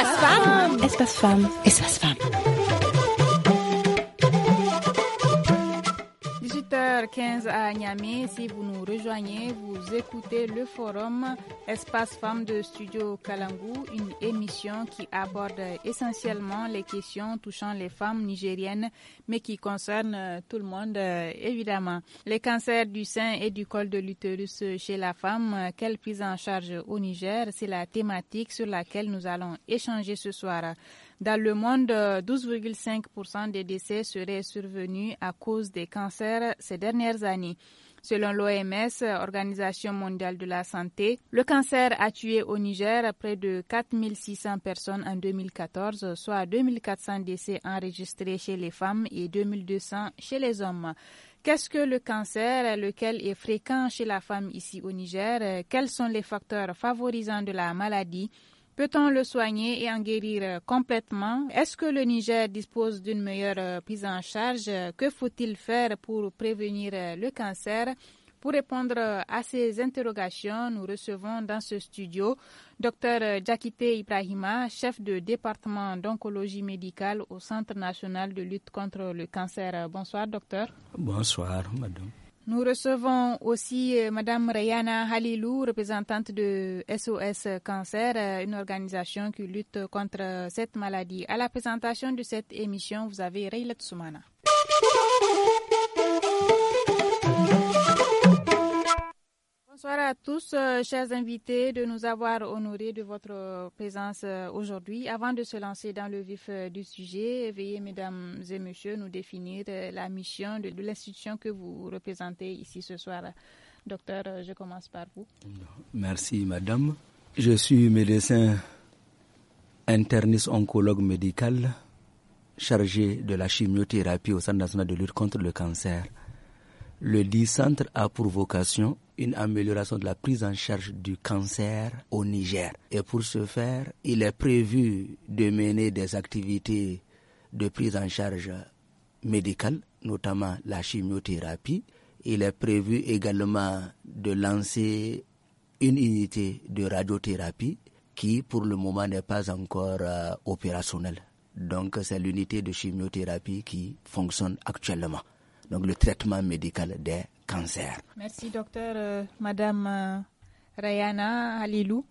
Ist was warm. Ist was warm. Ist was warm. à Niamey. Si vous nous rejoignez, vous écoutez le forum Espace Femmes de Studio Kalangu, une émission qui aborde essentiellement les questions touchant les femmes nigériennes, mais qui concerne euh, tout le monde, euh, évidemment. Les cancers du sein et du col de l'utérus chez la femme, euh, quelle prise en charge au Niger, c'est la thématique sur laquelle nous allons échanger ce soir. Dans le monde, 12,5% des décès seraient survenus à cause des cancers ces dernières années. Selon l'OMS, Organisation mondiale de la santé, le cancer a tué au Niger près de 4600 personnes en 2014, soit 2400 décès enregistrés chez les femmes et 2200 chez les hommes. Qu'est-ce que le cancer, lequel est fréquent chez la femme ici au Niger Quels sont les facteurs favorisants de la maladie Peut-on le soigner et en guérir euh, complètement Est-ce que le Niger dispose d'une meilleure euh, prise en charge Que faut-il faire pour prévenir euh, le cancer pour répondre à ces interrogations, nous recevons dans ce studio Dr Jakite Ibrahima, chef de département d'oncologie médicale au Centre national de lutte contre le cancer. Bonsoir, docteur. Bonsoir, madame. Nous recevons aussi euh, Madame Rayana Halilou, représentante de SOS Cancer, euh, une organisation qui lutte contre cette maladie. À la présentation de cette émission, vous avez Rayla Tsumana. Bonsoir à tous, euh, chers invités, de nous avoir honorés de votre présence euh, aujourd'hui. Avant de se lancer dans le vif euh, du sujet, veuillez, mesdames et messieurs, nous définir la mission de, l'institution que vous représentez ici ce soir. Docteur, je commence par vous. Merci, madame. Je suis médecin interniste oncologue médical chargé de la chimiothérapie au Centre national de lutte contre le cancer. Le centre a pour vocation une amélioration de la prise en charge du cancer au Niger. Et pour ce faire, il est prévu de mener des activités de prise en charge médicale, notamment la chimiothérapie. Il est prévu également de lancer une unité de radiothérapie qui, pour le moment, n'est pas encore euh, opérationnelle. Donc, c'est l'unité de chimiothérapie qui fonctionne actuellement donc le traitement médical des cancers. Merci docteur. Euh, madame euh, Rayana Halilou,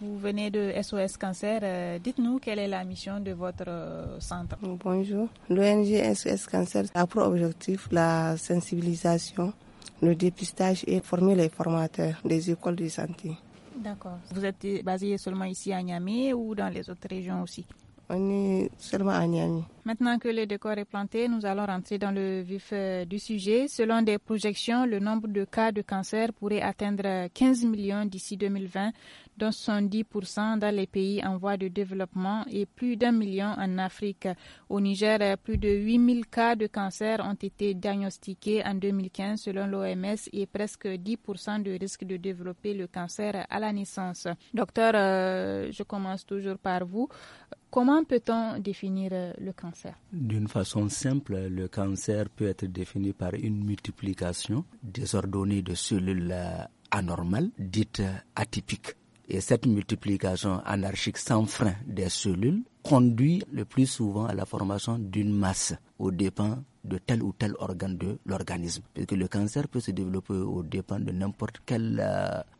vous venez de SOS Cancer. Euh, dites-nous quelle est la mission de votre centre. Oh, bonjour. L'ONG SOS Cancer a pour objectif la sensibilisation, le dépistage et former les formateurs des écoles de santé. D'accord. Vous êtes basé seulement ici à Niamey ou dans les autres régions aussi Maintenant que le décor est planté, nous allons rentrer dans le vif euh, du sujet. Selon des projections, le nombre de cas de cancer pourrait atteindre 15 millions d'ici 2020, dont 70% dans les pays en voie de développement et plus d'un million en Afrique. Au Niger, plus de 8000 cas de cancer ont été diagnostiqués en 2015 selon l'OMS et presque 10% de risque de développer le cancer à la naissance. Docteur, euh, je commence toujours par vous. Comment peut-on définir euh, le cancer D'une façon simple, le cancer peut être défini par une multiplication désordonnée de cellules euh, anormales, dites euh, atypiques. Et cette multiplication anarchique sans frein des cellules conduit le plus souvent à la formation d'une masse au dépens de tel ou tel organe de l'organisme. Parce que le cancer peut se développer au dépens de n'importe quelle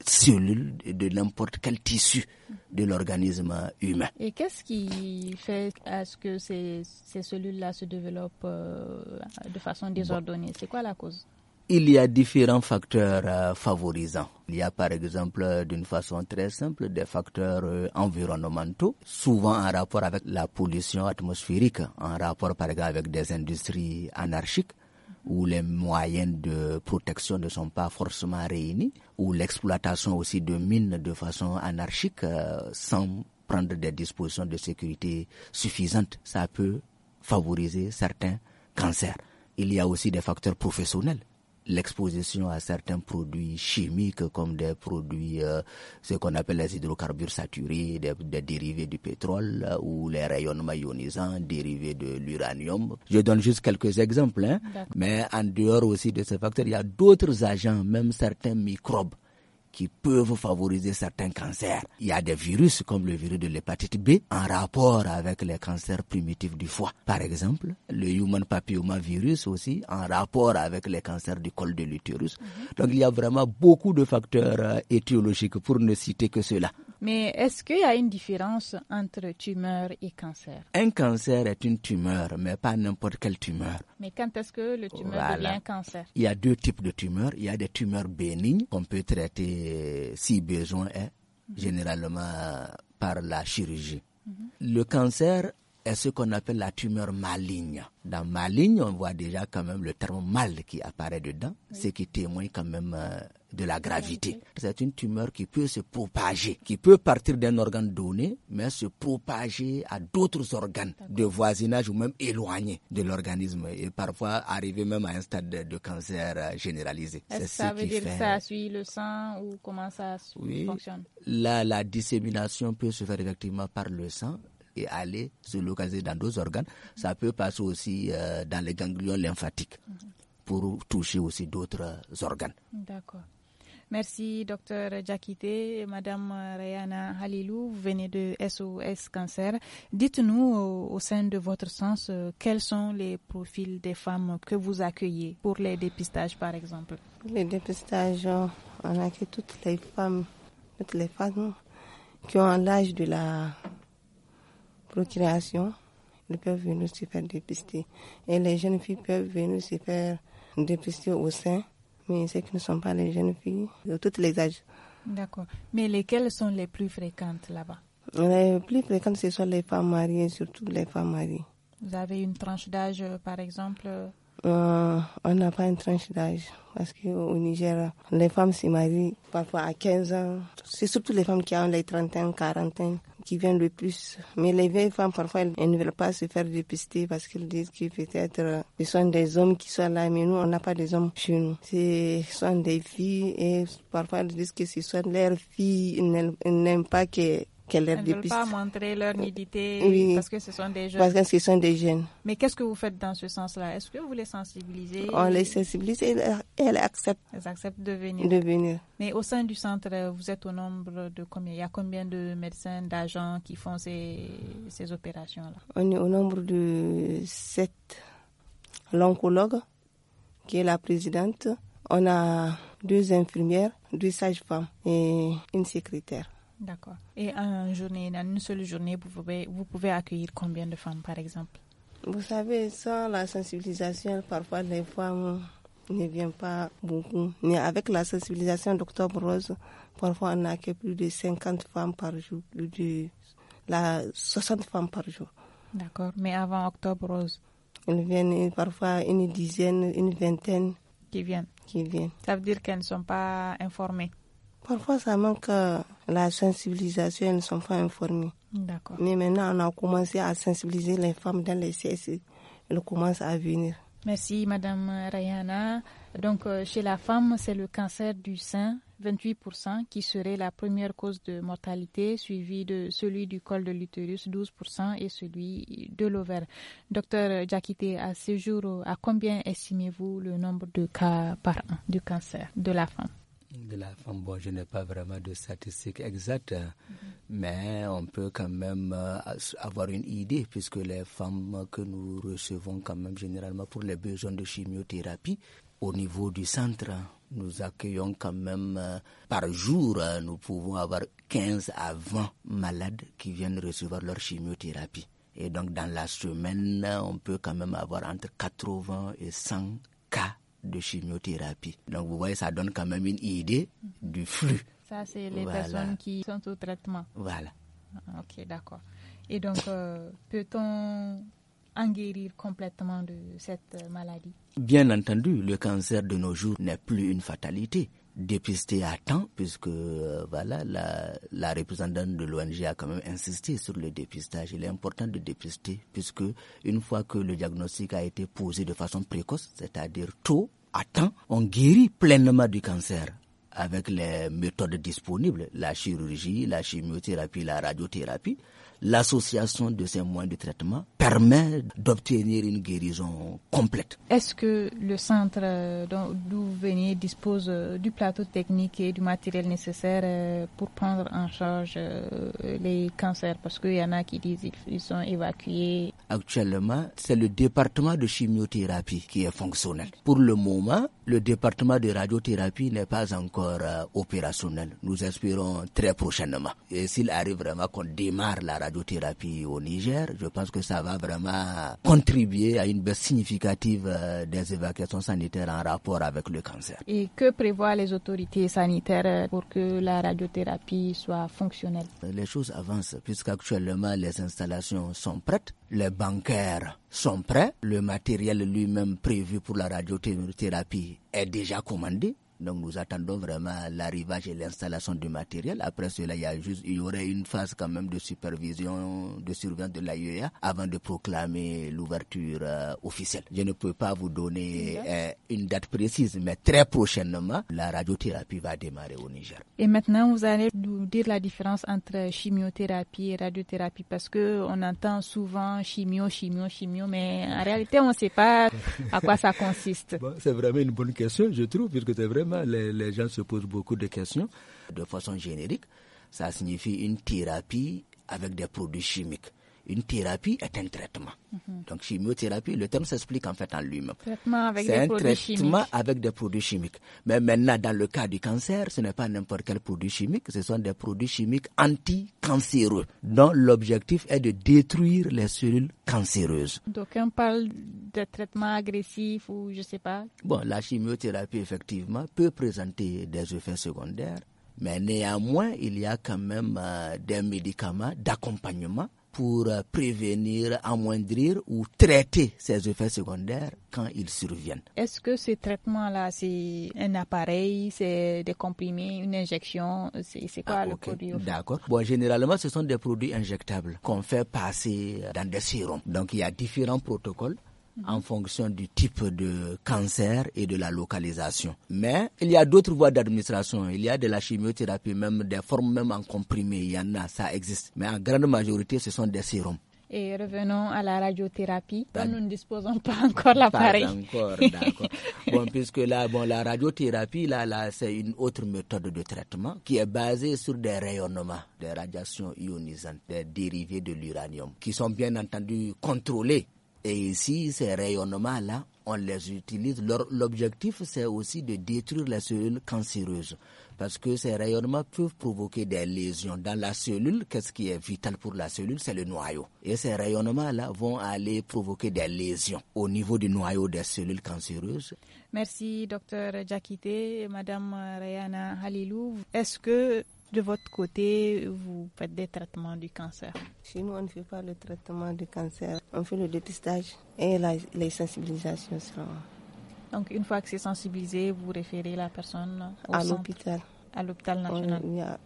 cellule cellule, de n'importe quel tissu de l'organisme humain. Et qu'est-ce qui fait à ce que ces, ces cellules-là se développent euh, de façon désordonnée C'est quoi la cause il y a différents facteurs euh, favorisants. Il y a par exemple, euh, d'une façon très simple, des facteurs environnementaux, souvent en rapport avec la pollution atmosphérique, en rapport par exemple avec des industries anarchiques où les moyens de protection ne sont pas forcément réunis, où l'exploitation aussi de mines de façon anarchique euh, sans prendre des dispositions de sécurité suffisantes, ça peut favoriser certains cancers. Il y a aussi des facteurs professionnels l'exposition à certains produits chimiques comme des produits, euh, ce qu'on appelle les hydrocarbures saturés, des, dérivés du pétrole euh, ou les rayonnements ionisants dérivés de l'uranium. Je donne juste quelques exemples, hein. mais en dehors aussi de ce facteurs, il y a d'autres agents, même certains microbes qui peuvent favoriser certains cancers. Il y a des virus comme le virus de l'hépatite B en rapport avec les cancers primitifs du foie. Par exemple, le human papillomavirus aussi en rapport avec les cancers du col de l'utérus. Mhm. Donc il y a vraiment beaucoup de facteurs euh, étiologiques pour ne citer que cela. Mais est-ce qu'il y a une différence entre tumeur et cancer Un cancer est une tumeur, mais pas n'importe quelle tumeur. Mais quand est-ce que le tumeur devient cancer Il y a deux types de tumeurs. Il y a des tumeurs bénignes qu'on peut traiter si besoin est, mhm. généralement par la chirurgie. Mhm. Le cancer est ce qu'on appelle la tumeur maligne. Dans maligne, on voit déjà quand même le terme mal qui apparaît dedans, ce qui témoigne quand même euh, de la gravité. C'est une tumeur qui peut se propager, qui peut partir d'un organe donné, mais se propager à d'autres organes de voisinage ou même éloignés de l'organisme et parfois arriver même à un stade de, cancer euh, généralisé. ce ça veut dire que ça suit le sang ou comment ça fonctionne la, dissémination peut se faire effectivement par le sang et aller se localiser dans d'autres organes. Ça peut passer aussi euh, dans les ganglions lymphatiques. Mhm. pour toucher aussi d'autres euh, organes. D'accord. Merci, docteur Jakite, madame euh, Rayana Halilou, vous venez de SOS Cancer. Dites-nous, au sein de votre sens, euh, quels sont les profils des femmes que vous accueillez pour les dépistages, par exemple? les dépistages, on accueille toutes les femmes, toutes les femmes qui ont l'âge de la procréation. Elles peuvent venir se faire dépister. Et les jeunes filles peuvent venir se faire dépister au sein mais ceux qui ne sont pas les jeunes filles, de tous les âges. D'accord. Mais lesquelles sont les plus fréquentes là-bas Les plus fréquentes, ce sont les femmes mariées, surtout les femmes mariées. Vous avez une tranche d'âge, euh, par exemple euh, On n'a pas une tranche d'âge, parce qu'au Niger, les femmes se marient parfois à 15 ans. C'est surtout les femmes qui ont les 30 ans, 40 ans qui viennent le plus. Mais les vieilles femmes, parfois, elles, ne veulent pas se faire dépister parce qu'elles disent que peut-être euh, ce des hommes qui sont là, mais nous, on n'a pas des hommes chez nous. C'est sont des filles et parfois, elles disent que ce sont leurs filles, elles n'aiment pas que qu'elle ne veulent pas montrer leur nudité euh, parce que ce sont des jeunes. Parce que ce sont des jeunes. Mais qu'est-ce que vous faites dans ce sens-là Est-ce que vous les sensibilisez On les sensibilise et elles acceptent. de venir. De venir. Mais au sein du centre, vous êtes au nombre de combien Il y a combien de médecins, d'agents qui font ces, ces opérations-là On est au nombre de sept. L'oncologue, qui est la présidente. On a deux infirmières, deux sages-femmes et une secrétaire. D'accord. Et en journée, en une seule journée, vous pouvez, vous pouvez accueillir combien de femmes, par exemple Vous savez, sans la sensibilisation, parfois les femmes ne viennent pas beaucoup. Mais avec la sensibilisation d'Octobre Rose, parfois on accueille plus de 50 femmes par jour, plus de la 60 femmes par jour. D'accord. Mais avant Octobre Rose Elles viennent parfois une dizaine, une vingtaine. Qui viennent Qui viennent. Ça veut dire qu'elles ne sont pas informées Parfois, ça manque euh, la sensibilisation, elles ne sont pas informées. Mais maintenant, on a commencé à sensibiliser les femmes dans les CSI. Elles commencent à venir. Merci, Madame Rayana. Donc, euh, chez la femme, c'est le cancer du sein, 28%, qui serait la première cause de mortalité, suivi de celui du col de l'utérus, 12%, et celui de l'ovaire. Docteur Jakite, à ce jour, à combien estimez-vous le nombre de cas par an du cancer de la femme de la femme, bon, je n'ai pas vraiment de statistiques exactes, mhm. mais on peut quand même euh, avoir une idée, puisque les femmes que nous recevons quand même généralement pour les besoins de chimiothérapie, au niveau du centre, nous accueillons quand même euh, par jour, euh, nous pouvons avoir 15 à 20 malades qui viennent recevoir leur chimiothérapie. Et donc dans la semaine, on peut quand même avoir entre 80 et 100 cas de chimiothérapie. Donc vous voyez, ça donne quand même une idée du flux. Ça, c'est les personnes qui sont au traitement. Voilà. Ah, ok, d'accord. Et donc, euh, peut-on en guérir complètement de cette maladie Bien entendu, le cancer de nos jours n'est plus une fatalité dépister à temps, puisque euh, voilà, la, la, représentante de l'ONG a quand même insisté sur le dépistage. Il est important de dépister, puisque une fois que le diagnostic a été posé de façon précoce, c'est-à-dire tôt, à temps, on guérit pleinement du cancer avec les méthodes disponibles, la chirurgie, la chimiothérapie, la radiothérapie l'association de ces moyens de traitement permet d'obtenir une guérison complète. Est-ce que le centre euh, d'où vous venez dispose euh, du plateau technique et du matériel nécessaire euh, pour prendre en charge les cancers Parce qu'il y en a qui disent qu'ils sont évacués. Actuellement, c'est le département de chimiothérapie qui est fonctionnel. Pour le moment, le département de radiothérapie n'est pas encore euh, opérationnel. Nous espérons très prochainement. Et s'il arrive vraiment qu'on démarre la radiothérapie au Niger, je pense que ça va vraiment contribuer à une baisse significative euh, des évacuations sanitaires en rapport avec le cancer. Et que prévoient les autorités sanitaires euh, pour que la radiothérapie soit fonctionnelle Les choses avancent puisqu'actuellement les installations sont prêtes les bancaires sont prêts, le matériel lui-même prévu pour la radiothérapie est déjà commandé, donc nous attendons vraiment l'arrivage et l'installation du matériel. Après cela, il y a juste, il y aurait une phase quand même de supervision, de surveillance de l'AIEA avant de proclamer l'ouverture euh, officielle. Je ne peux pas vous donner euh, une date précise, mais très prochainement, la radiothérapie va démarrer au Niger. Et maintenant, vous allez nous dire la différence entre chimiothérapie et radiothérapie parce que on entend souvent chimio, chimio, chimio, mais en réalité, on ne sait pas à quoi ça consiste. c'est vraiment une bonne question, je trouve, puisque c'est vraiment les gens se posent beaucoup de questions de façon générique. Ça signifie une thérapie avec des produits chimiques une thérapie est un traitement. Mhm. Donc chimiothérapie, le terme s'explique en fait en lui-même. C'est un traitement avec des produits chimiques. Mais maintenant, dans le cas du cancer, ce n'est pas n'importe quel produit chimique, ce sont des produits chimiques anticancéreux, dont l'objectif est de détruire les cellules cancéreuses. Donc on parle de traitement agressif ou je ne sais pas. Bon, la chimiothérapie, effectivement, peut présenter des effets secondaires. Mais néanmoins, il y a quand même euh, des médicaments d'accompagnement pour euh, prévenir, amoindrir ou traiter ces effets secondaires quand ils surviennent. Est-ce que ce traitement-là, c'est un appareil, c'est des comprimés, une injection C'est quoi ah, le produit D'accord. Bon, généralement, ce sont des produits injectables qu'on fait passer dans des sérums. Donc, il y a différents protocoles en fonction du type de cancer et de la localisation. Mais il y a d'autres voies d'administration. Il y a de la chimiothérapie, même des formes même en comprimé. Il y en a, ça existe. Mais en grande majorité, ce sont des sérums. Et revenons à la radiothérapie, nous ne disposons pas encore l'appareil. Pas encore, d'accord. bon, puisque là, bon, la radiothérapie, là, là, c'est une autre méthode de traitement qui est basée sur des rayonnements, des radiations ionisantes, des dérivés de l'uranium, qui sont bien entendu contrôlés et ici, ces rayonnements-là, on les utilise. L'objectif, c'est aussi de détruire la cellule cancéreuse. Parce que ces rayonnements peuvent provoquer des lésions. Dans la cellule, qu'est-ce qui est vital pour la cellule C'est le noyau. Et ces rayonnements-là vont aller provoquer des lésions au niveau du noyau des cellules cancéreuses. Merci, docteur Jakite. Madame Rayana Halilou, est-ce que de votre côté, vous faites des traitements du cancer Chez nous, on ne fait pas le traitement du cancer. On fait le dépistage et la, les sensibilisations Donc, une fois que c'est sensibilisé, vous référez la personne à l'hôpital. À l'hôpital national.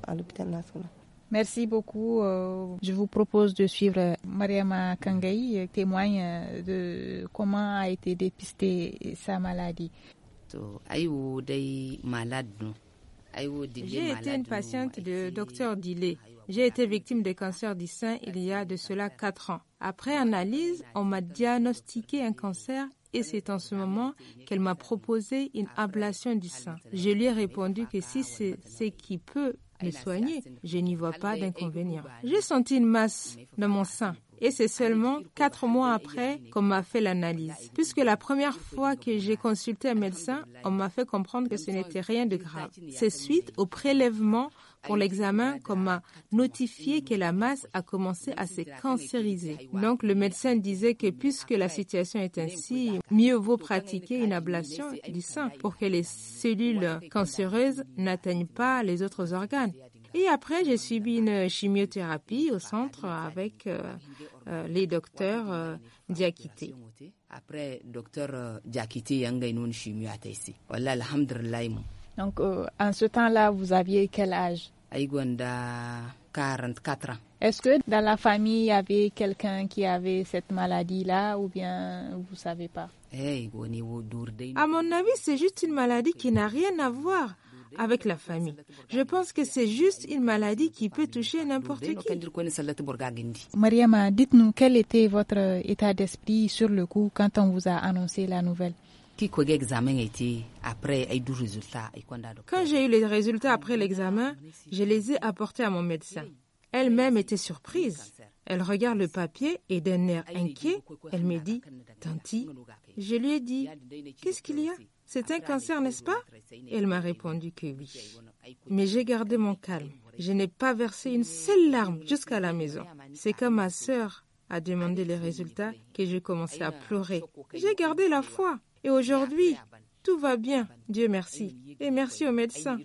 à, l'hôpital national. Merci beaucoup. Euh, je vous propose de suivre Mariama Kangayi, euh, témoigne euh, de comment a été dépistée sa maladie. To, j'ai été une patiente de docteur Dillet. J'ai été victime de cancer du sein il y a de cela quatre ans. Après analyse, on m'a diagnostiqué un cancer et c'est en ce moment qu'elle m'a proposé une ablation du sein. Je lui ai répondu que si c'est ce qui peut me soigner, je n'y vois pas d'inconvénient. J'ai senti une masse dans mon sein et c'est seulement quatre mois après qu'on m'a fait l'analyse. Puisque la première fois que j'ai consulté un médecin, on m'a fait comprendre que ce n'était rien de grave. C'est suite au prélèvement pour l'examen qu'on m'a notifié que la masse a commencé à se cancériser. Donc le médecin disait que puisque la situation est ainsi, mieux vaut pratiquer une ablation du sein pour que les cellules cancéreuses n'atteignent pas les autres organes. Et après, j'ai subi une chimiothérapie au centre avec euh, euh, les docteurs euh, Diakité. Après, docteur euh, Diakité, Ataisi. Voilà, alhamdulillah. Donc, en ce temps-là, vous aviez quel âge 44 ans. Est-ce que dans la famille, il y avait quelqu'un qui avait cette maladie-là ou bien vous ne savez pas eh, À mon avis, c'est juste une maladie qui n'a rien à voir avec la famille. Je pense que c'est juste une maladie qui peut toucher n'importe qui. Mariama, dites-nous quel était votre état d'esprit sur le coup quand on vous a annoncé la nouvelle. Quand j'ai eu les résultats après l'examen, je les ai apportés à mon médecin. Elle-même était surprise. Elle regarde le papier et d'un air inquiet, elle me dit Tanti, je lui ai dit Qu'est-ce qu'il y a c'est un cancer, n'est-ce pas Elle m'a répondu que oui. Mais j'ai gardé mon calme. Je n'ai pas versé une seule larme jusqu'à la maison. C'est quand ma sœur a demandé les résultats que j'ai commencé à pleurer. J'ai gardé la foi. Et aujourd'hui, tout va bien, Dieu merci. Et merci aux médecins.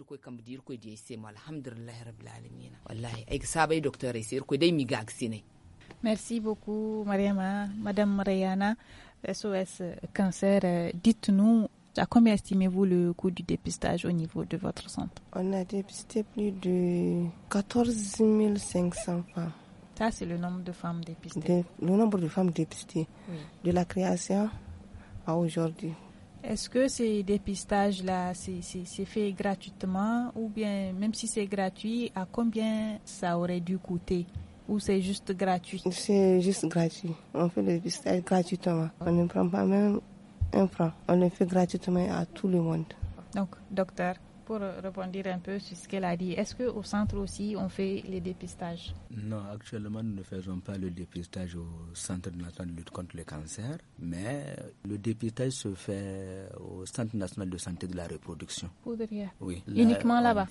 Merci beaucoup, Mariama. Madame Mariana, SOS Cancer, euh, dites-nous à combien estimez-vous le coût du dépistage au niveau de votre centre On a dépisté plus de 14 500 femmes. Ça, c'est le nombre de femmes dépistées. le nombre de femmes dépistées de la création à aujourd'hui. Est-ce que ces dépistages-là, c'est fait gratuitement ou bien même si c'est gratuit, à combien ça aurait dû coûter ou c'est juste gratuit C'est juste gratuit. On fait le dépistage gratuitement. On ne prend pas même Enfin, On le fait gratuitement à tout le monde. Donc, docteur, pour rebondir un peu sur ce qu'elle a dit, est-ce qu'au centre aussi on fait les dépistages Non, actuellement nous ne faisons pas le dépistage au Centre national de lutte contre le cancer, mais le dépistage se fait au Centre national de santé de la reproduction. Poudrière Oui. Uniquement là-bas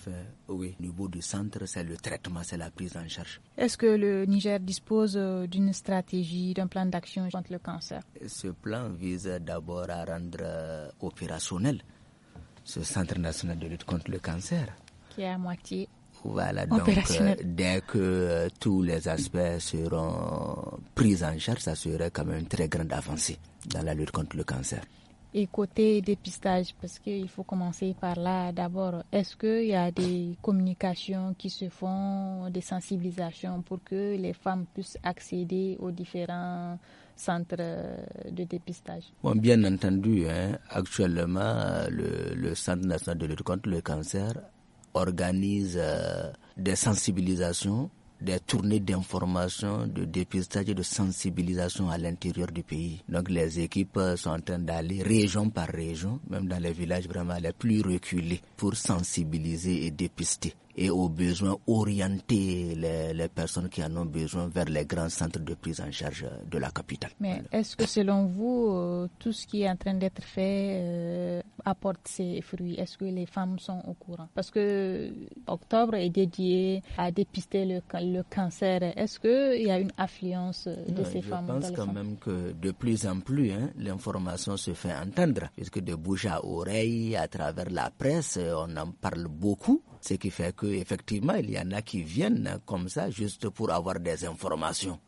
Oui. Au niveau du centre, c'est le traitement, c'est la prise en charge. Est-ce que le Niger dispose euh, d'une stratégie, d'un plan d'action contre le cancer Ce plan vise d'abord à rendre euh, opérationnel ce Centre national de lutte contre le cancer. Qui est à moitié. Voilà, donc euh, dès que euh, tous les aspects seront pris en charge, ça serait quand même une très grande avancée dans la lutte contre le cancer. Et côté dépistage, parce qu'il faut commencer par là d'abord, est-ce qu'il y a des communications qui se font, des sensibilisations pour que les femmes puissent accéder aux différents centre euh, de dépistage. Bon, bien entendu, hein, actuellement, euh, le, Centre national de lutte contre le cancer organise euh, des sensibilisations, des tournées d'information, de dépistage et de sensibilisation à l'intérieur du pays. Donc les équipes sont en train d'aller région par région, même dans les villages vraiment les plus reculés, pour sensibiliser et dépister et aux besoins orienter les, personnes qui en ont besoin vers les grands centres de prise en charge de la capitale. Mais est-ce que selon vous, euh, tout ce qui est en train d'être fait euh, apporte ses fruits Est-ce que les femmes sont au courant Parce que octobre est dédié à dépister le, le cancer. Est-ce qu'il y a une affluence euh, de ces femmes Je pense quand même que de plus en plus, hein, l'information se fait entendre, Est-ce que de bouche à oreille, à travers la presse, on en parle beaucoup. Ce qui fait qu'effectivement, il y en a qui viennent comme ça juste pour avoir des informations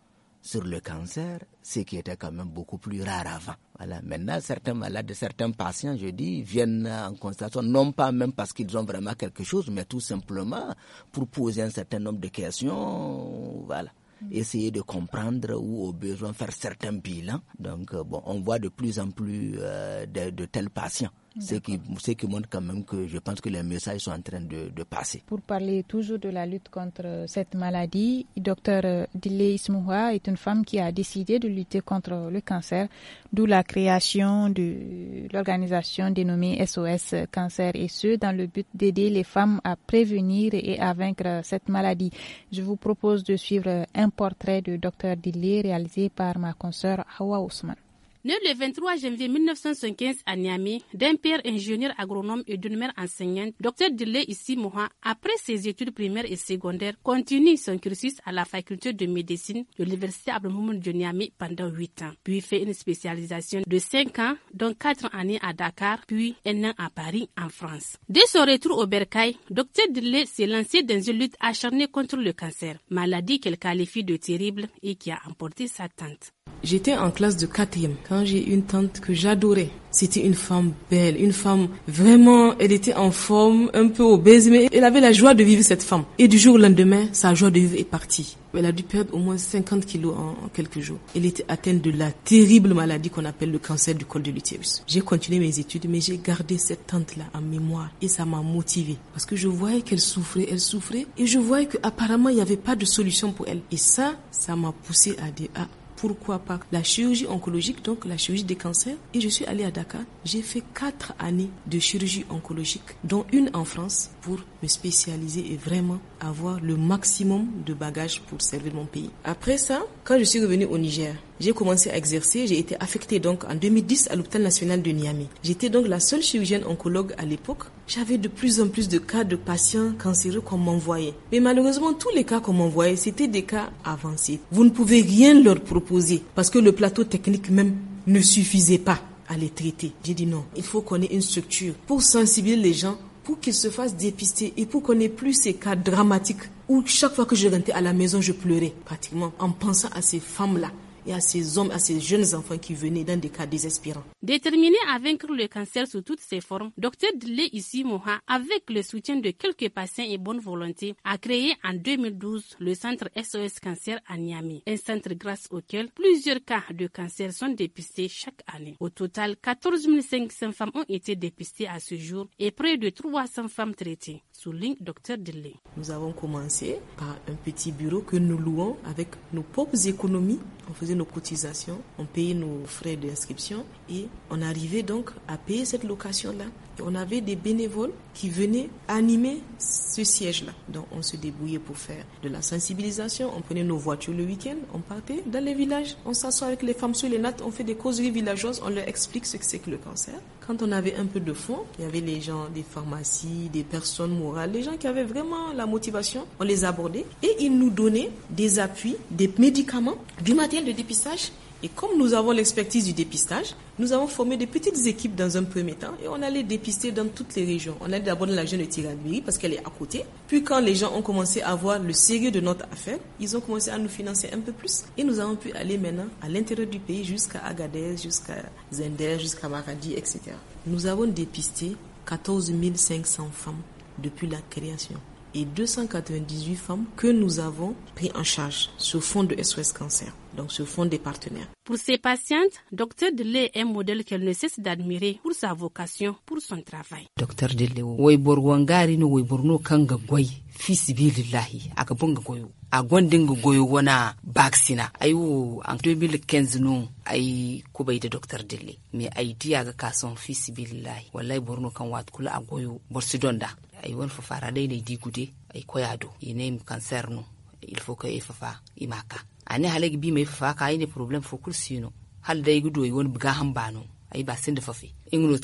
sur le cancer, ce qui était quand même beaucoup plus rare avant. Voilà. Maintenant, certains malades, certains patients, je dis, viennent en constatation, non pas même parce qu'ils ont vraiment quelque chose, mais tout simplement pour poser un certain nombre de questions, voilà. Mm. Essayer de comprendre ou au besoin faire certains bilans. Donc, euh, bon, on voit de plus en plus euh, de tels patients. Ce qui, ce qui montre quand même que je pense que les messages sont en train de, passer. Pour parler toujours de la lutte contre cette maladie, docteur Dile Ismoua est une femme qui a décidé de lutter contre le cancer, d'où la création de l'organisation dénommée SOS Cancer et ce, dans le but d'aider les femmes à prévenir et à vaincre cette maladie. Je vous propose de suivre un portrait de docteur Dile réalisé par ma consoeur Hawa Ousmane. Né le 23 janvier 1915 à Niamey, d'un père ingénieur agronome et d'une mère enseignante, Dr Dillet ici Moha, après ses études primaires et secondaires, continue son cursus à la faculté de médecine de l'université Abdelmoumoun de Niamey pendant 8 ans, puis fait une spécialisation de 5 ans, dont 4 années à Dakar, puis un an à Paris, en France. Dès son retour au Bercail, Dr Dillet s'est lancé dans une lutte acharnée contre le cancer, maladie qu'elle qualifie de terrible et qui a emporté sa tante. J'étais en classe de quatrième quand j'ai une tante que j'adorais. C'était une femme belle, une femme vraiment, elle était en forme, un peu obèse, mais elle avait la joie de vivre cette femme. Et du jour au lendemain, sa joie de vivre est partie. Elle a dû perdre au moins 50 kilos en, quelques jours. Elle était atteinte de la terrible maladie qu'on appelle le cancer du col de l'utérus. J'ai continué mes études, mais j'ai gardé cette tante-là en mémoire et ça m'a motivée parce que je voyais qu'elle souffrait, elle souffrait et je voyais qu'apparemment il n'y avait pas de solution pour elle. Et ça, ça m'a poussé à dire, ah, pourquoi pas la chirurgie oncologique, donc la chirurgie des cancers. Et je suis allée à Dakar. J'ai fait quatre années de chirurgie oncologique, dont une en France, pour me spécialiser et vraiment avoir le maximum de bagages pour servir mon pays. Après ça, quand je suis revenue au Niger, j'ai commencé à exercer. J'ai été affectée donc en 2010 à l'hôpital national de Niamey. J'étais donc la seule chirurgienne oncologue à l'époque j'avais de plus en plus de cas de patients cancéreux qu'on m'envoyait. Mais malheureusement, tous les cas qu'on m'envoyait, c'était des cas avancés. Vous ne pouvez rien leur proposer parce que le plateau technique même ne suffisait pas à les traiter. J'ai dit non, il faut qu'on ait une structure pour sensibiliser les gens, pour qu'ils se fassent dépister et pour qu'on ait plus ces cas dramatiques où chaque fois que je rentrais à la maison, je pleurais pratiquement en pensant à ces femmes-là et à ces hommes, à ces jeunes enfants qui venaient dans des cas désespérants. Déterminé à vaincre le cancer sous toutes ses formes, Dr Dile Issi Moha, avec le soutien de quelques patients et bonne volonté, a créé en 2012 le centre SOS Cancer à Niamey, un centre grâce auquel plusieurs cas de cancer sont dépistés chaque année. Au total, 14 500 femmes ont été dépistées à ce jour et près de 300 femmes traitées, souligne Dr Dele. Nous avons commencé par un petit bureau que nous louons avec nos propres économies. On faisait nos cotisations, on payait nos frais d'inscription et on arrivait donc à payer cette location-là. on avait des bénévoles qui venaient animer ce siège-là. Donc on se débrouillait pour faire de la sensibilisation. On prenait nos voitures le week-end, on partait dans les villages, on s'assoit avec les femmes sur les nattes, on fait des causeries villageoises, on leur explique ce que c'est que le cancer. Quand on avait un peu de fonds, il y avait les gens des pharmacies, des personnes morales, les gens qui avaient vraiment la motivation, on les abordait et ils nous donnaient des appuis, des médicaments, du matériel de dépistage. Et comme nous avons l'expertise du dépistage, nous avons formé des petites équipes dans un premier temps et on allait dépister dans toutes les régions. On allait d'abord dans la région de Tirabiri parce qu'elle est à côté. Puis quand les gens ont commencé à voir le sérieux de notre affaire, ils ont commencé à nous financer un peu plus et nous avons pu aller maintenant à l'intérieur du pays jusqu'à Agadez, jusqu'à Zender, jusqu'à Maradi, etc. Nous avons dépisté 14 500 femmes depuis la création et 298 femmes que nous avons pris en charge sous fonds de SOS Cancer, donc sous fonds des partenaires. Pour ces patientes, Docteur Dele est un modèle qu'elle ne cesse d'admirer pour sa vocation, pour son travail. Docteur Dele, Weibor Wangari no Weibor no Kanga Gwai, fils Goyo. a gwandin goyo wana baksina ayo En 2015 no ay kubai delle Mais ay me ka son kason fisibillahi wallahi borno kan wat kula a goyo borsidonda ay won day dai ne digude ay koyado ine cancer no il faut que e fafa imaka ane Il bi me e fafa ka problem fo kursino hal day gudo i won buga hambano ay ba fofi fafi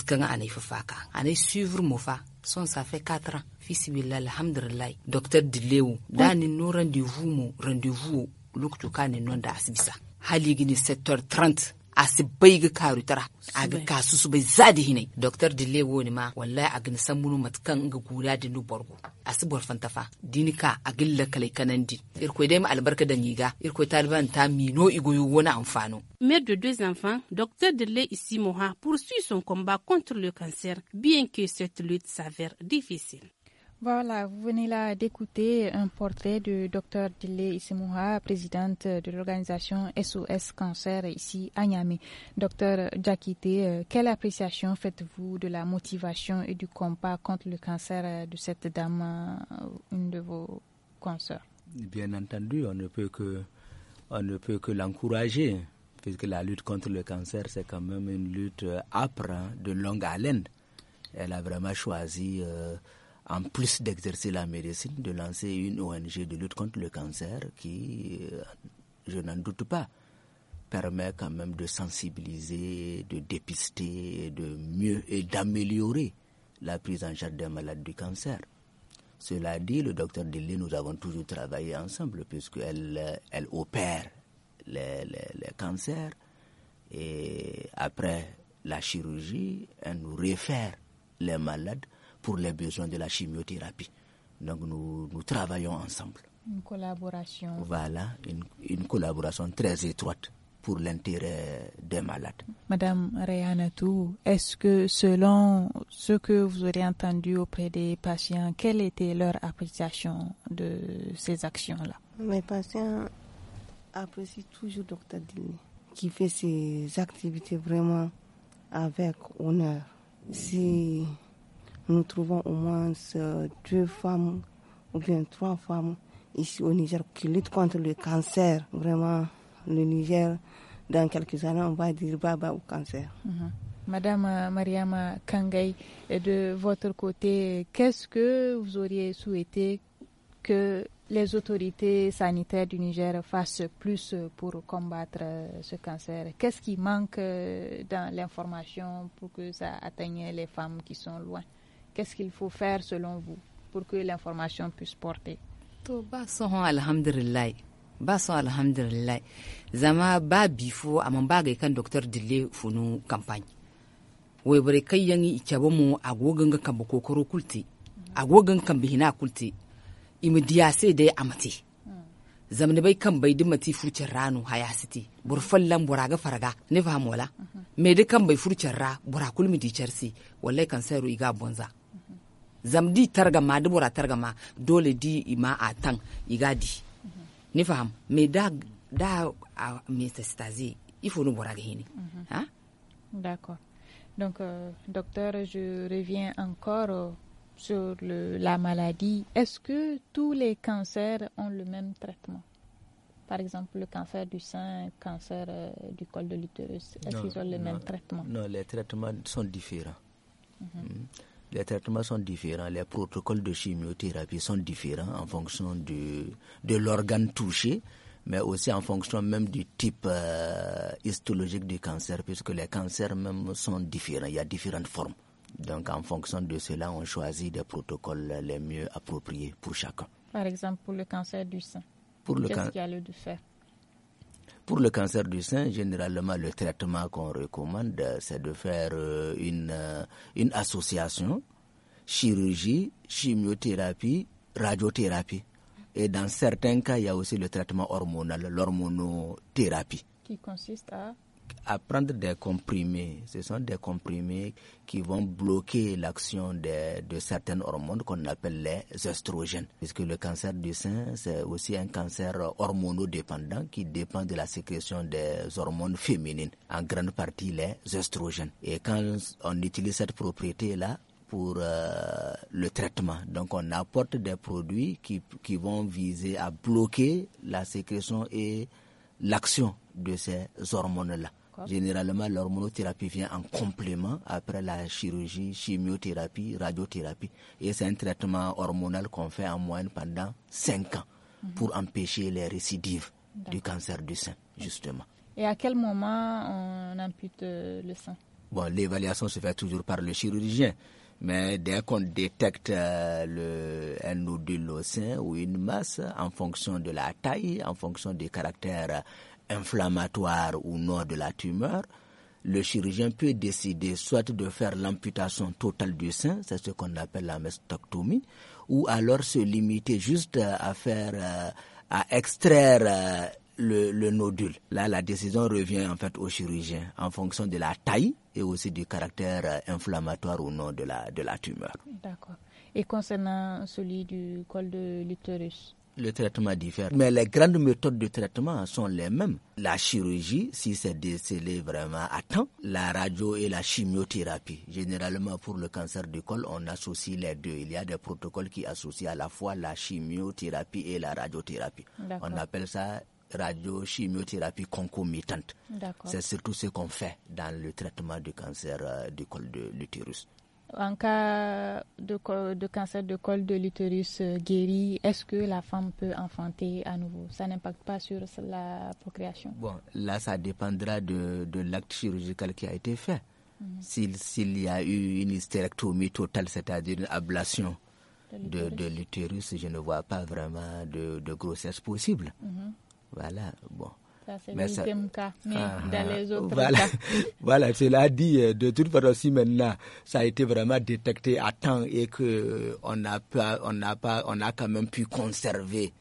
kanga ane e fafa ka ane suivre mofa. son ça fait 4 ans alhamdulillah docteur dani no rendez-vous mo rendez-vous lokto kan non da sibisa haligi 30 asibayga karutara aga kasusubai zadi hinai doktor dille woni ma wallahi agni sammunu matkan nga gura dinu borgo asi borfantafa dinika ka agilla kalai kanandi irkoy dai ma albarka da niga irkoy taliban ta mino igoyu wani amfano Mère de deux enfants, docteur Dele Issi Moha poursuit son combat contre le cancer, bien que cette lutte s'avère difficile. Voilà, vous venez là d'écouter un portrait du docteur Dile Issemouha, présidente de l'organisation SOS Cancer ici à Niamey. Docteur Djakite, euh, quelle appréciation faites-vous de la motivation et du combat contre le cancer euh, de cette dame, euh, une de vos consoeurs Bien entendu, on ne peut que, on ne peut que l'encourager, puisque la lutte contre le cancer, c'est quand même une lutte âpre, hein, de longue haleine. Elle a vraiment choisi en plus d'exercer la médecine, de lancer une ONG de lutte contre le cancer qui, euh, je n'en doute pas, permet quand même de sensibiliser, de dépister, de mieux et d'améliorer la prise en charge des malades du cancer. Cela dit, le docteur Dilly, nous avons toujours travaillé ensemble puisqu'elle euh, elle opère les cancers et après la chirurgie, elle nous réfère les malades pour les besoins de la chimiothérapie. Donc nous, travaillons ensemble. Une collaboration. Voilà, une, collaboration très étroite pour l'intérêt des malades. Madame Rayanatou, est-ce que selon ce que vous aurez entendu auprès des patients, quelle était leur appréciation de ces actions-là Mes patients apprécient toujours Dr Dini, qui fait ses activités vraiment avec honneur. Si nous trouvons au moins euh, deux femmes ou bien trois femmes ici au Niger qui luttent contre le cancer. Vraiment, le Niger, dans quelques années, on va dire baba au cancer. Mhm. Madame euh, Mariama Kangay, de votre côté, qu'est-ce que vous auriez souhaité que les autorités sanitaires du Niger fassent plus pour combattre euh, ce cancer Qu'est-ce qui manque dans l'information pour que ça atteigne les femmes qui sont loin qu'est-ce qu'il faut faire selon vous pour que l'information puisse porter to ba alhamdulillah ba so alhamdulillah zama ba bifo amma ba docteur dille funu campagne wai bare kai yangi ikaba mu agogan ga kan kulti agogan kan bihina kulti imidiya sai dai amati hmm. zamani bai kan bai dima ti furcin ranu haya siti buraga faraga ne fahimu wala hmm. me kan bai furcin ra bura kulmi dicar wallai kan sai iga bonza zamdi targa ma da bora targa dole di ima atang igadi mhm. ni faham me da da a mi il faut nous bora gini hein mhm. d'accord donc euh, docteur je reviens encore euh, sur la maladie est-ce que tous les cancers ont le même traitement par exemple le cancer du sein, le cancer euh, du col de l'utérus, est-ce qu'ils ont le même traitement Non, les traitements sont différents. Mhm. Mm. Les traitements sont différents, les protocoles de chimiothérapie sont différents en fonction de, de l'organe touché, mais aussi en fonction même du type euh, histologique du cancer, puisque les cancers même sont différents, il y a différentes formes. Donc en fonction de cela, on choisit des protocoles les mieux appropriés pour chacun. Par exemple, pour le cancer du sein, qu'est-ce qu'il y a lieu de faire pour le cancer du sein, généralement, le traitement qu'on recommande, c'est de faire euh, une, euh, une association chirurgie, chimiothérapie, radiothérapie. Et dans certains cas, il y a aussi le traitement hormonal, l'hormonothérapie. Qui consiste à à des comprimés. Ce sont des comprimés qui vont bloquer l'action de, de, certaines hormones qu'on appelle les estrogènes. Puisque le cancer du sein, c'est aussi un cancer hormonodépendant qui dépend de la sécrétion des hormones féminines, en grande partie les estrogènes. Et quand on utilise cette propriété-là, pour euh, le traitement. Donc on apporte des produits qui vont viser à bloquer la sécrétion et l'action de ces hormones-là. Généralement, l'hormonothérapie vient en complément après la chirurgie, chimiothérapie, radiothérapie. Et c'est un traitement hormonal qu'on fait en moyenne pendant 5 ans mhm. pour empêcher les récidives du cancer du sein, justement. Et à quel moment on ampute euh, le sein Bon, l'évaluation se fait toujours par le chirurgien. Mais dès qu'on détecte euh, le, un nodule au sein ou une masse, en fonction de la taille, en fonction des caractères inflammatoire ou non de la tumeur, le chirurgien peut décider soit de faire l'amputation totale du sein, c'est ce qu'on appelle la mastectomie, ou alors se limiter juste à faire, euh, à extraire euh, le, nodule. Là, la décision revient en fait au chirurgien en fonction de la taille et aussi du caractère euh, inflammatoire ou non de la, de la tumeur. D'accord. Et concernant celui du col de l'utérus le traitement diffère. Mais les grandes méthodes de traitement sont les mêmes. La chirurgie, si c'est décelé vraiment à temps, la radio et la chimiothérapie. Généralement, pour le cancer du col, on associe les deux. Il y a des protocoles qui associent à la fois la chimiothérapie et la radiothérapie. On appelle ça radiochimiothérapie concomitante. C'est surtout ce qu'on fait dans le traitement du cancer euh, du col de l'utérus en cas de, de cancer de col de l'utérus euh, guéri, est-ce que la femme peut enfanter à nouveau Ça n'impacte pas sur la procréation Bon, là, ça dépendra de, de l'acte chirurgical qui a été fait. Mhm. S'il y a eu une hystérectomie totale, c'est-à-dire une ablation de, l'utérus, je ne vois pas vraiment de, de grossesse possible. Mhm. Voilà, bon. Ça, c'est le ah, dans ah. les autres voilà. voilà, cela dit, euh, de toute façon, si maintenant ça a été vraiment détecté à temps et que euh, on a pas, on n'a pas, on a quand même pu conserver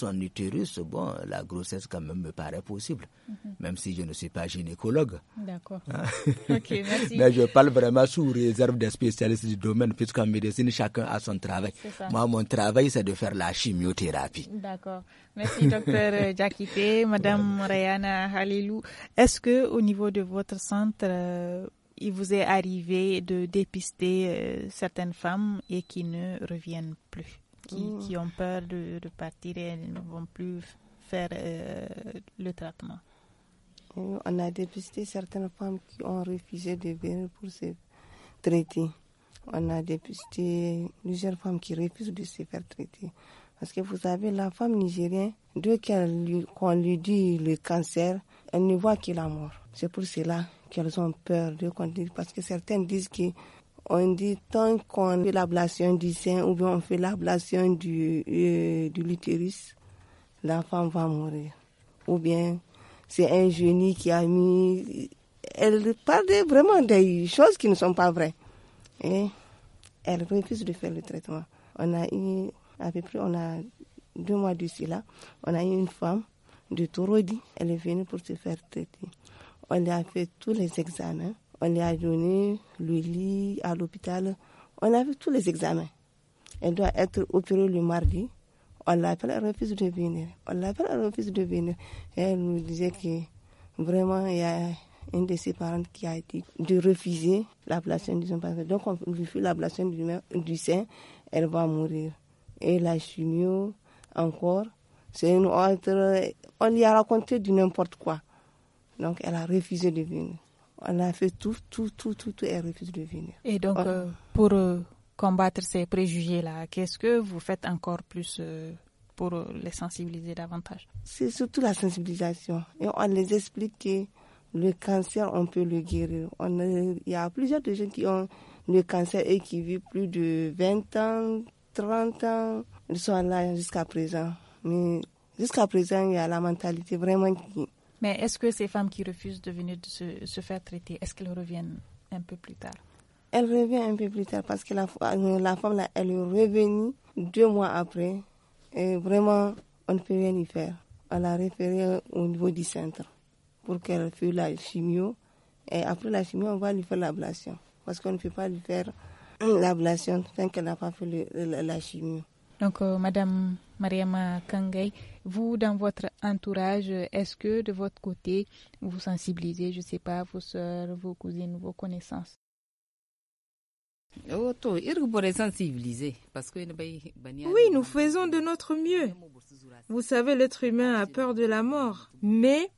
son utérus, bon, la grossesse quand même me paraît possible, mhm. même si je ne suis pas gynécologue. D'accord. Ah. ok, merci. Mais je parle vraiment sous réserve des spécialistes du domaine, puisqu'en médecine, chacun a son travail. Moi, mon travail, c'est de faire la chimiothérapie. D'accord. Merci, docteur Jakite. Madame Rayana Halilou, est-ce que au niveau de votre centre, euh, il vous est arrivé de dépister euh, certaines femmes et qui ne reviennent plus qui, ont peur de, partir et ne vont plus faire euh, le traitement. On a dépisté certaines femmes qui ont refusé de venir pour se traiter. On a dépisté plusieurs femmes qui refusent de se faire traiter. Parce que vous savez, la femme nigérienne, dès qu'on lui, dit le cancer, elle ne voit que la mort. C'est pour cela qu'elles ont peur de continuer Parce que certaines disent que on dit tant qu'on fait l'ablation du sein ou bien on fait l'ablation du, euh, du de l'utérus, la femme va mourir. Ou bien c'est un génie qui a mis. Elle parle vraiment des choses qui ne sont pas vraies. Et elle refuse de faire le traitement. On a eu, à peu près, on a deux mois de cela, on a eu une femme de Torodi. Elle est venue pour se faire traiter. On lui a fait tous les examens. On lui a donné le lit à l'hôpital. On a vu tous les examens. Elle doit être opérée le mardi. On l'appelle, à refuse de venir. On l'appelle, à refuse de venir. elle nous disait que vraiment, il y a une de ses parents qui a été de refuser l'ablation du sein. Donc, on refuse l'ablation du, du sein, elle va mourir. Et la chimio, encore, c'est une autre. On lui a raconté de n'importe quoi. Donc, elle a refusé de venir. On a fait tout, tout, tout, tout, tout et refuse de venir. Et donc, oh. euh, pour euh, combattre ces préjugés-là, qu'est-ce que vous faites encore plus euh, pour les sensibiliser davantage C'est surtout la sensibilisation. Et on les explique que le cancer, on peut le guérir. On il y a plusieurs de gens qui ont le cancer et qui vivent plus de 20 ans, 30 ans. Ils sont là jusqu'à présent. Mais jusqu'à présent, il y a la mentalité vraiment qui mais est-ce que ces femmes qui refusent de venir de se, faire traiter, est-ce qu'elles reviennent un peu plus tard Elles reviennent un peu plus tard parce que la, euh, la femme, elle est revenue deux mois après. Et vraiment, on ne peut rien y faire. On l'a référé au niveau du centre pour qu'elle fasse la chimio. Et après la chimio, on va lui faire l'ablation. Parce qu'on ne peut pas lui faire l'ablation tant qu'elle n'a pas fait la, chimio. Donc, Mme euh, Madame Mariama Kangay, vous, dans votre entourage, est-ce que de votre côté, vous sensibilisez, je ne sais pas, vos soeurs, vos cousines, vos connaissances oh, ben, ben, oui, nous faisons de notre mieux. Vous savez, l'être humain a peur de la mort, mais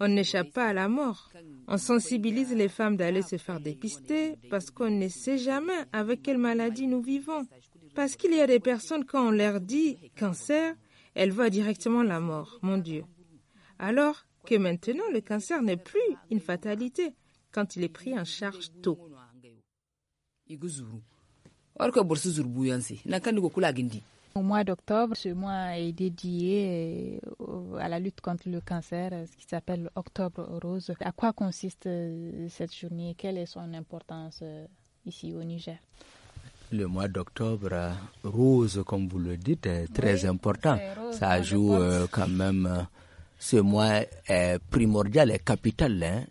on n'échappe pas à la mort. On sensibilise les femmes d'aller se faire dépister parce qu'on ne sait jamais avec quelle maladie nous vivons. Parce qu'il y a des personnes, quand on leur dit cancer, elle voit directement la mort, mon Dieu. Alors que maintenant le cancer n'est plus une fatalité quand il est pris en charge tôt. Au mois d'octobre, ce mois est dédié euh, à la lutte contre le cancer, ce qui s'appelle Octobre Rose. À quoi consiste euh, cette journée Quelle est son importance euh, ici au Niger le mois d'octobre rose, comme vous le dites, est très important. Ça joue euh, quand même. Euh, ce mois est primordial et capital hein,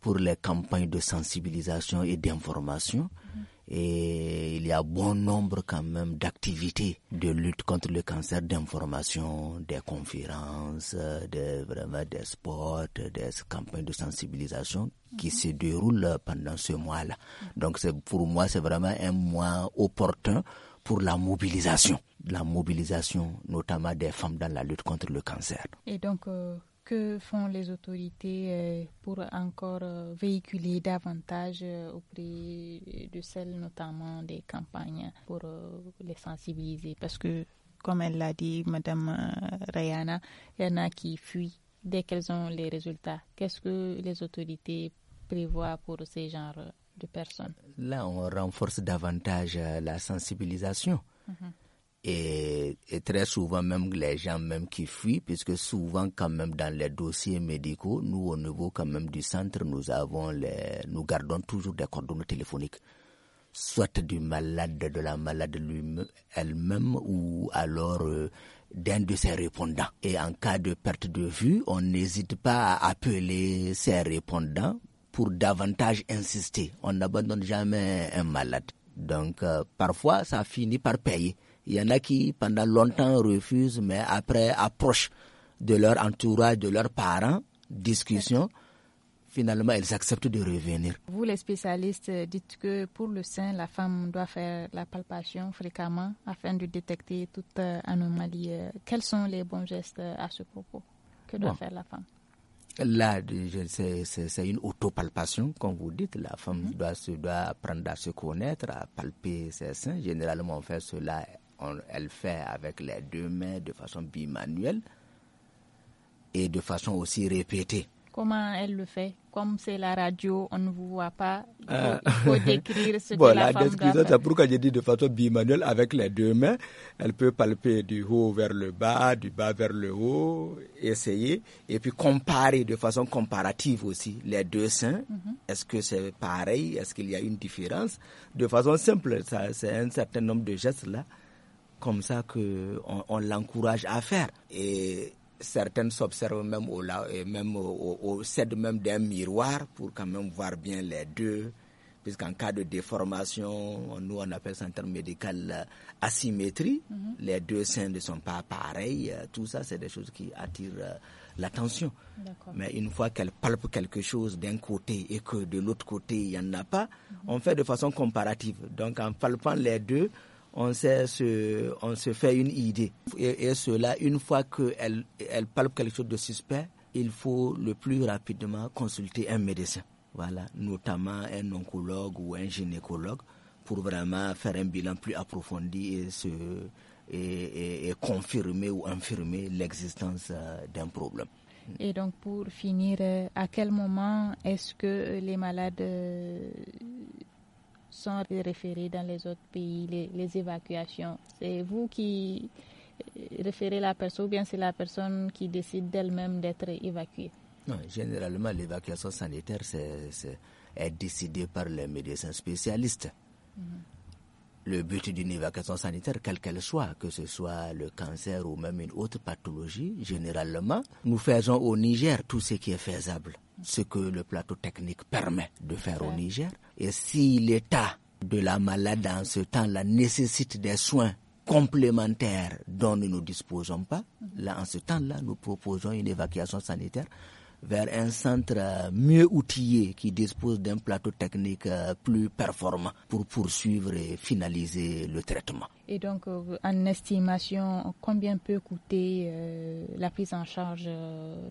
pour les campagnes de sensibilisation et d'information. Mhm et il y a bon nombre quand même d'activités de lutte contre le cancer d'information, des conférences, des, vraiment des sports, des campagnes de sensibilisation qui mhm. se déroulent pendant ce mois-là. Donc c'est, pour moi, c'est vraiment un mois opportun pour la mobilisation, la mobilisation notamment des femmes dans la lutte contre le cancer. Et donc, euh, que font les autorités euh, pour encore euh, véhiculer davantage euh, auprès de celles notamment des campagnes pour les sensibiliser Parce que, comme elle l'a dit, Madame Rayana, il y en a qui fuient dès qu'elles ont les résultats. Qu'est-ce que les autorités prévoient pour ces genres de personnes Là, on renforce davantage la sensibilisation. Mm-hmm. Et, très souvent même les gens même qui fuient, puisque souvent quand même dans les dossiers médicaux, nous au niveau quand même du centre, nous avons les, nous gardons toujours des coordonnées téléphoniques, soit du malade, de la malade lui elle-même, ou alors euh, d'un de ses répondants. Et en cas de perte de vue, on n'hésite pas à appeler ses répondants pour davantage insister. On n'abandonne jamais un malade. Donc euh, parfois, ça finit par payer. Il y en a qui, pendant longtemps, refusent, mais après, approche de leur entourage, de leurs parents, discussion, finalement, ils acceptent de revenir. Vous, les spécialistes, dites que pour le sein, la femme doit faire la palpation fréquemment afin de détecter toute euh, anomalie. Euh, quels sont les bons gestes euh, à ce propos Que doit faire la femme Là, c'est une autopalpation, comme vous dites. La femme mhm. doit, se, doit apprendre à se connaître, à palper ses seins. Généralement, on fait cela elle fait avec les deux mains de façon bimanuelle et de façon aussi répétée. Comment elle le fait Comme c'est la radio, on ne vous voit pas. Il faut, ah. décrire ce que la, la description, c'est pourquoi j'ai dit de façon bimanuelle avec les deux mains. Elle peut palper du haut vers le bas, du bas vers le haut, essayer et puis comparer de façon comparative aussi les deux seins. Mhm. Est-ce que c'est pareil Est-ce qu'il y a une différence De façon simple, c'est un certain nombre de gestes là comme ça qu'on on, l'encourage à faire. Et certaines s'observent même au, même au, même d'un miroir pour quand même voir bien les deux. Puisqu'en cas de déformation, nous on appelle ça en termes médical euh, asymétrie, mhm. les deux seins ne sont pas pareils, euh, tout ça c'est des choses qui attirent euh, l'attention. Mais une fois qu'elle palpe quelque chose d'un côté et que de l'autre côté il n'y en a pas, mhm. on fait de façon comparative. Donc en palpant les deux, on sait se, on se fait une idée. Et, cela, une fois qu'elle elle palpe quelque chose de suspect, il faut le plus rapidement consulter un médecin. Voilà, notamment un oncologue ou un gynécologue pour vraiment faire un bilan plus approfondi et, et confirmer ou infirmer l'existence euh, d'un problème. Et donc pour finir, euh, à quel moment est-ce que les malades euh, sont référés dans les autres pays, les, évacuations. C'est vous qui euh, référez la personne ou bien c'est la personne qui décide d'elle-même d'être évacuée généralement, l'évacuation sanitaire c'est, est, décidée par les médecins spécialistes. Mm-hmm. Le but d'une évacuation sanitaire, quelle qu'elle soit, que ce soit le cancer ou même une autre pathologie, généralement, nous faisons au Niger tout ce qui est faisable ce que le plateau technique permet de faire au Niger. Et si l'état de la malade en ce temps-là nécessite des soins complémentaires dont nous ne disposons pas, là, en ce temps-là, nous proposons une évacuation sanitaire vers un centre euh, mieux outillé qui dispose d'un plateau technique euh, plus performant pour poursuivre et finaliser le traitement. Et donc, euh, en estimation, combien peut coûter la prise en charge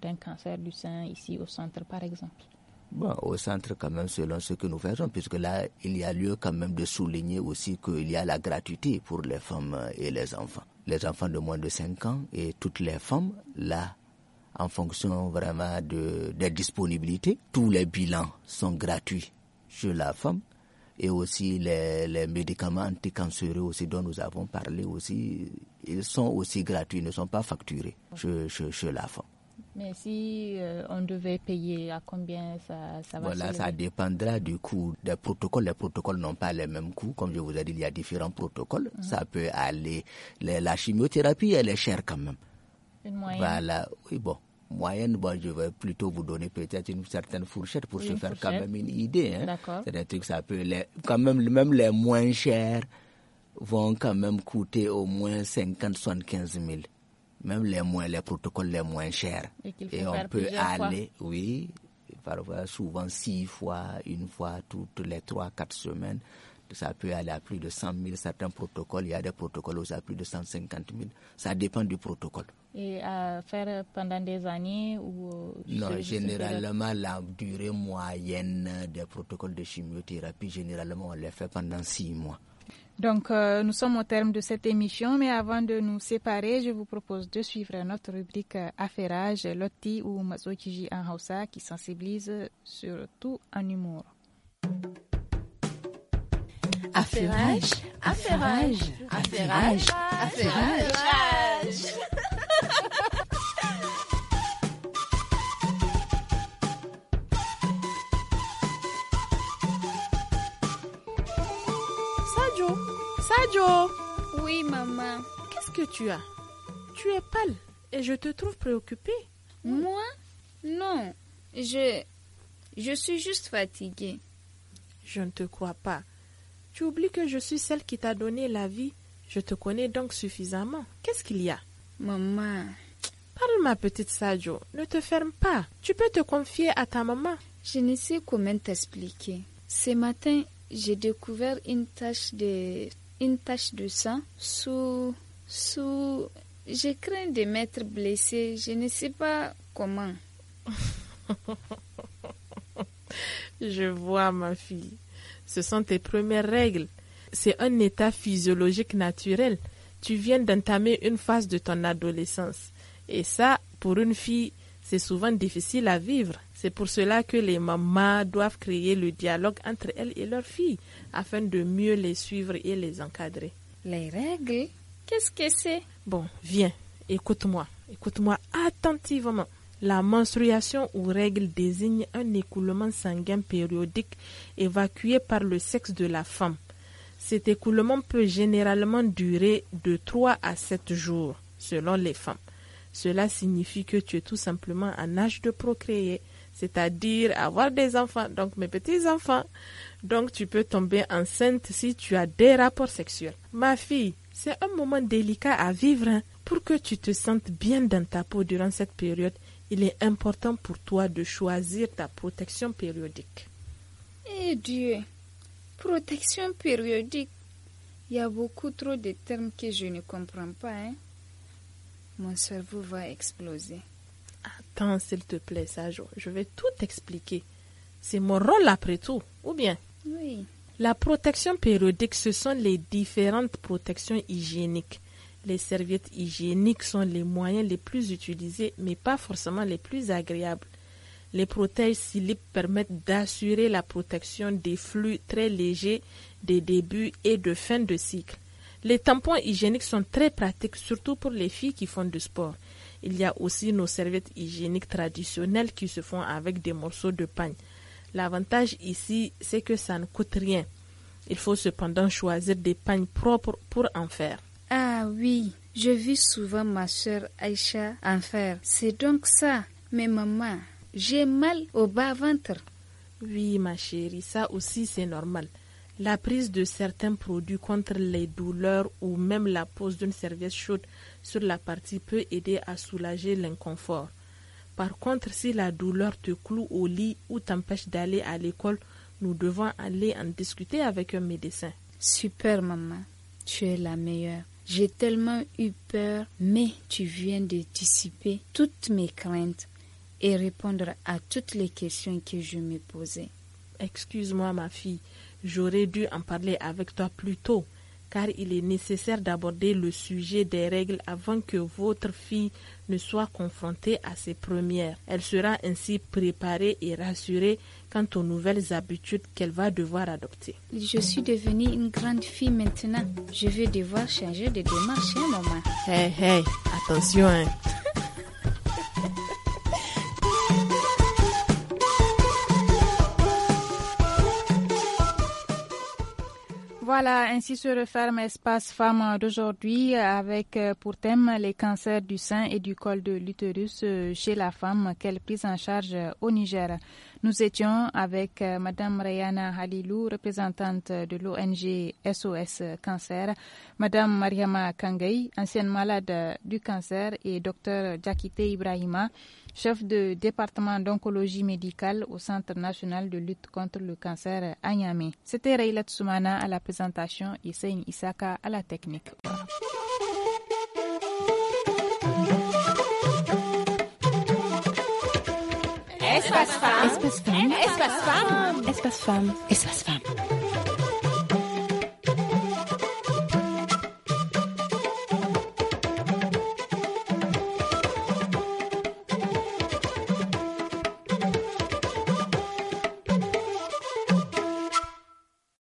d'un cancer du sein ici au centre, par exemple Bon, au centre quand même selon ce que nous faisons, puisque là, il y a lieu quand même de souligner aussi qu'il y a la gratuité pour les femmes et les enfants. Les enfants de moins de 5 ans et toutes les femmes, là, en fonction vraiment de, des disponibilités. Tous les bilans sont gratuits chez la femme et aussi les, les médicaments anticancéreux aussi dont nous avons parlé aussi, ils sont aussi gratuits, ne sont pas facturés chez, la femme. Mais si euh, on devait payer, à combien ça, ça va Voilà, ça dépendra du coût des protocoles. Les protocoles n'ont pas les mêmes coûts. Comme je vous ai dit, il y a différents protocoles. Hum. Ça peut aller. la chimiothérapie, elle est chère quand même. Une moyenne. Voilà, oui, bon moyenne, bon je vais plutôt vous donner peut-être une certaine fourchette pour se faire quand même une idée. Hein. C'est ça peut, les, quand même, même les moins chers vont quand même coûter au moins 50, 75 000 même les moins, les protocoles les moins chers. Et, on peut aller, oui, souvent six fois, une fois toutes les trois, quatre semaines ça peut aller à plus de 100 000, certains protocoles, il y a des protocoles où ça a plus de 150 000. Ça dépend du protocole. Et à faire pendant des années ou euh, Non, généralement, la durée moyenne des protocoles de chimiothérapie, généralement, on les fait pendant six mois. Donc, euh, nous sommes au terme de cette émission, mais avant de nous séparer, je vous propose de suivre notre rubrique euh, Affairage, Lotti ou Mazokiji en Hausa, qui sensibilise surtout en humour. Affairage, affairage, affairage, affairage. Sadio, Sadio. Oui, maman. Qu'est-ce que tu as Tu es pâle et je te trouve préoccupée. Hmm. Moi Non. Je. Je suis juste fatiguée. Je ne te crois pas. Tu oublies que je suis celle qui t'a donné la vie. Je te connais donc suffisamment. Qu'est-ce qu'il y a Maman. Parle, ma petite Sadio. Ne te ferme pas. Tu peux te confier à ta maman. Je ne sais comment t'expliquer. Ce matin, j'ai découvert une tache de une tache de sang sous sous je crains de m'être blessée. Je ne sais pas comment. je vois ma fille ce sont tes premières règles. C'est un état physiologique naturel. Tu viens d'entamer une phase de ton adolescence. Et ça, pour une fille, c'est souvent difficile à vivre. C'est pour cela que les mamans doivent créer le dialogue entre elles et leurs filles afin de mieux les suivre et les encadrer. Les règles Qu'est-ce que c'est Bon, viens, écoute-moi, écoute-moi attentivement. La menstruation ou règle désigne un écoulement sanguin périodique évacué par le sexe de la femme. Cet écoulement peut généralement durer de 3 à 7 jours selon les femmes. Cela signifie que tu es tout simplement en âge de procréer, c'est-à-dire avoir des enfants, donc mes petits-enfants. Donc tu peux tomber enceinte si tu as des rapports sexuels. Ma fille, c'est un moment délicat à vivre hein, pour que tu te sentes bien dans ta peau durant cette période il est important pour toi de choisir ta protection périodique. Eh Dieu, protection périodique. Il y a beaucoup trop de termes que je ne comprends pas. Hein? Mon cerveau va exploser. Attends, s'il te plaît, Sajo. Je vais tout expliquer. C'est mon rôle après tout, ou bien Oui. La protection périodique, ce sont les différentes protections hygiéniques les serviettes hygiéniques sont les moyens les plus utilisés, mais pas forcément les plus agréables. Les protèges silips permettent d'assurer la protection des flux très légers des débuts et de fin de cycle. Les tampons hygiéniques sont très pratiques, surtout pour les filles qui font du sport. Il y a aussi nos serviettes hygiéniques traditionnelles qui se font avec des morceaux de pagne. L'avantage ici, c'est que ça ne coûte rien. Il faut cependant choisir des pagnes propres pour en faire. Ah oui, je vis souvent ma soeur Aïcha en fer. C'est donc ça, mais maman, j'ai mal au bas-ventre. Oui, ma chérie, ça aussi c'est normal. La prise de certains produits contre les douleurs ou même la pose d'une serviette chaude sur la partie peut aider à soulager l'inconfort. Par contre, si la douleur te cloue au lit ou t'empêche d'aller à l'école, nous devons aller en discuter avec un médecin. Super, maman. Tu es la meilleure. J'ai tellement eu peur, mais tu viens de dissiper toutes mes craintes et répondre à toutes les questions que je me posais. Excuse-moi ma fille, j'aurais dû en parler avec toi plus tôt car il est nécessaire d'aborder le sujet des règles avant que votre fille ne soit confrontée à ses premières. Elle sera ainsi préparée et rassurée quant aux nouvelles habitudes qu'elle va devoir adopter. Je suis devenue une grande fille maintenant. Je vais devoir changer de démarche, hein, maman. Hey, hey, attention. Hein. Voilà, ainsi se referme Espace Femmes d'aujourd'hui avec euh, pour thème les cancers du sein et du col de l'utérus euh, chez la femme, quelle prise en charge euh, au Niger. Nous étions avec euh, Madame Rayana Halilou, représentante de l'ONG SOS Cancer, Madame Mariama Kangay, ancienne malade du cancer, et Docteur Jakite Ibrahima, chef de département d'oncologie médicale au Centre national de lutte contre le cancer à Niamey. C'était Rayla Tsoumana à la présentation et Seine Isaka à la technique. Es was fam. Es was fam. Es was fam. Es was warm? Es was warm?